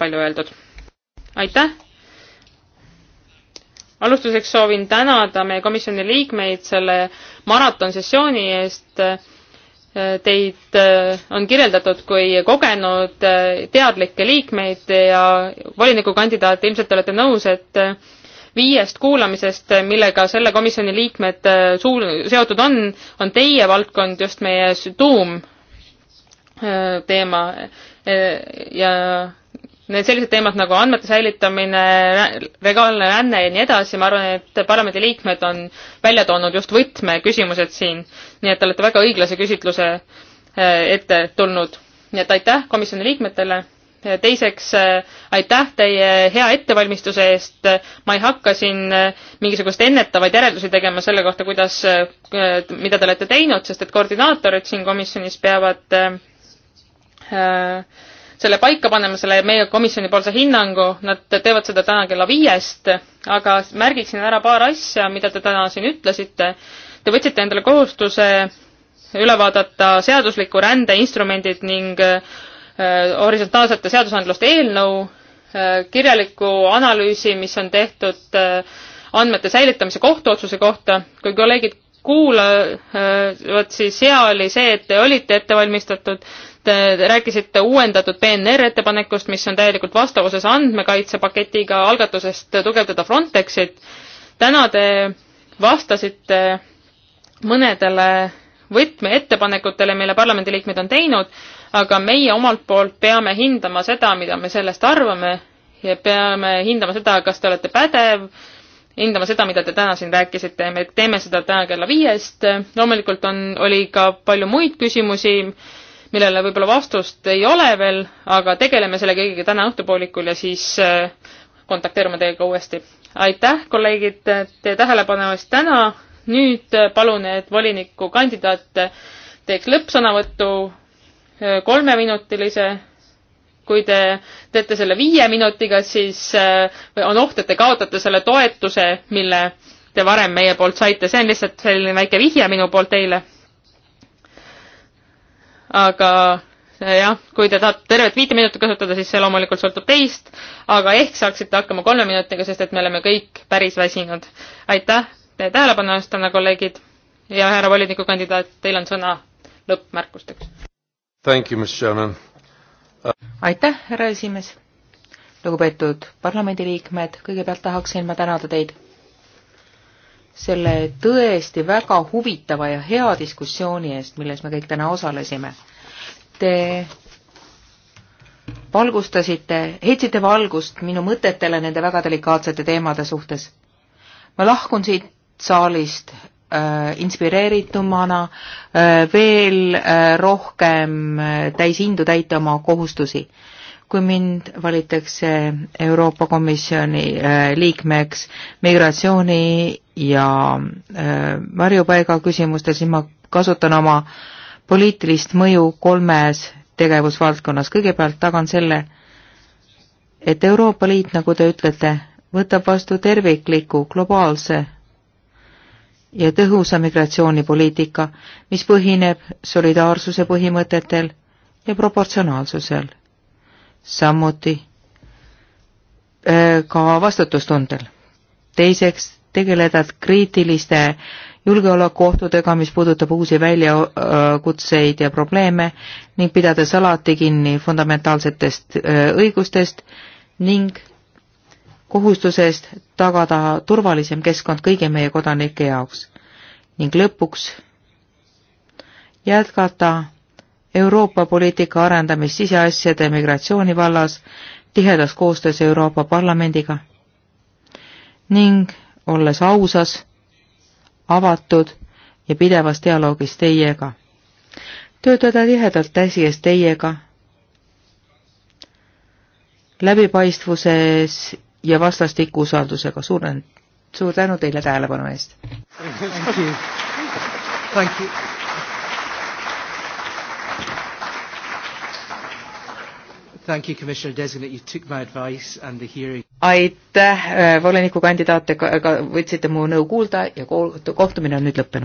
palju öeldud. aitäh! alustuseks soovin tänada meie komisjoni liikmeid selle maratonsessiooni eest. Teid äh, on kirjeldatud kui kogenud äh, teadlikke liikmeid ja volinikukandidaat, ilmselt olete nõus, et äh, viiest kuulamisest, millega selle komisjoni liikmed suu-, seotud on, on teie valdkond just meie tuum teema ja need sellised teemad nagu andmete säilitamine, legaalne ränne ja nii edasi, ma arvan, et parlamendi liikmed on välja toonud just võtmeküsimused siin. nii et te olete väga õiglase küsitluse eh, ette tulnud. nii et aitäh komisjoni liikmetele. teiseks eh, aitäh teie hea ettevalmistuse eest. ma ei hakka siin eh, mingisugust ennetavaid järeldusi tegema selle kohta, kuidas, mida te olete teinud, sest et koordinaatorid siin komisjonis peavad äh, selle paika panema, selle meie komisjonipoolse hinnangu, nad teevad seda täna kella viiest, aga märgiksin ära paar asja, mida te täna siin ütlesite. Te võtsite endale kohustuse üle vaadata seadusliku rände instrumendid ning äh, horisontaalsete seadusandluste eelnõu äh,, kirjalikku analüüsi, mis on tehtud äh, andmete säilitamise kohtuotsuse kohta, kui kolleegid kuulavad, äh, siis hea oli see, et te olite ettevalmistatud Äh, te rääkisite uuendatud PNR ettepanekust, mis on täielikult vastavuses andmekaitsepaketiga, algatusest tugevdada Frontexit. täna te vastasite mõnedele võtmeettepanekutele, mille parlamendiliikmed on teinud, aga meie omalt poolt peame hindama seda, mida me sellest arvame ja peame hindama seda, kas te olete pädev, hindama seda, mida te täna siin rääkisite, me teeme seda täna kella viiest, loomulikult on, oli ka palju muid küsimusi, millele võib-olla vastust ei ole veel, aga tegeleme selle kõigega täna õhtupoolikul ja siis äh, kontakteerume teiega uuesti. aitäh, kolleegid, teie tähelepanu eest täna. nüüd äh, palun, et volinikukandidaat teeks lõppsõnavõtu äh, kolmeminutilise. kui te teete selle viie minutiga, siis on oht, et te kaotate selle toetuse, mille te varem meie poolt saite, see on lihtsalt selline väike vihje minu poolt teile aga äh, jah, kui te tahate tervet viite minutit kasutada, siis see loomulikult sõltub teist, aga ehk saaksite hakkama kolme minutiga, sest et me oleme kõik päris väsinud. aitäh tähelepanu eest, täna kolleegid ja härra volinikukandidaat, teil on sõna lõppmärkusteks. Uh, aitäh, härra esimees. lugupeetud parlamendiliikmed, kõigepealt tahaksin ma tänada teid selle tõesti väga huvitava ja hea diskussiooni eest, milles me kõik täna osalesime. Te valgustasite, heitsite valgust minu mõtetele nende väga delikaatsete teemade suhtes. ma lahkun siit saalist äh, inspireeritumana äh, veel äh, rohkem äh, täis indu täita oma kohustusi äh, kui mind valitakse Euroopa Komisjoni äh, liikmeks migratsiooni ja äh, varjupaiga küsimustes, siis ma kasutan oma poliitilist mõju kolmes tegevusvaldkonnas. kõigepealt tagan selle, et Euroopa Liit, nagu te ütlete, võtab vastu tervikliku globaalse ja tõhusa migratsioonipoliitika, mis põhineb solidaarsuse põhimõtetel ja proportsionaalsusel samuti äh, ka vastutustundel. teiseks, tegeleda kriitiliste julgeolekuohtudega, mis puudutab uusi väljakutseid ja probleeme ning pidades alati kinni fundamentaalsetest äh, õigustest ning kohustusest tagada turvalisem keskkond kõigi meie kodanike jaoks ning lõpuks jätkata Euroopa poliitika arendamist siseasjade ja migratsiooni vallas tihedas koostöös Euroopa Parlamendiga ning olles ausas, avatud ja pidevas dialoogis teiega. töötada tihedalt käsi ees teiega, läbipaistvuses ja vastastiku usaldusega suuren-, suur tänu teile tähelepanu eest! Thank you. Thank you. Thank you, Commissioner Designate, you took my advice and the hearing. aitäh, äh, volinikukandidaat, te võtsite mu nõu kuulda ja kohtumine on nüüd lõppenud.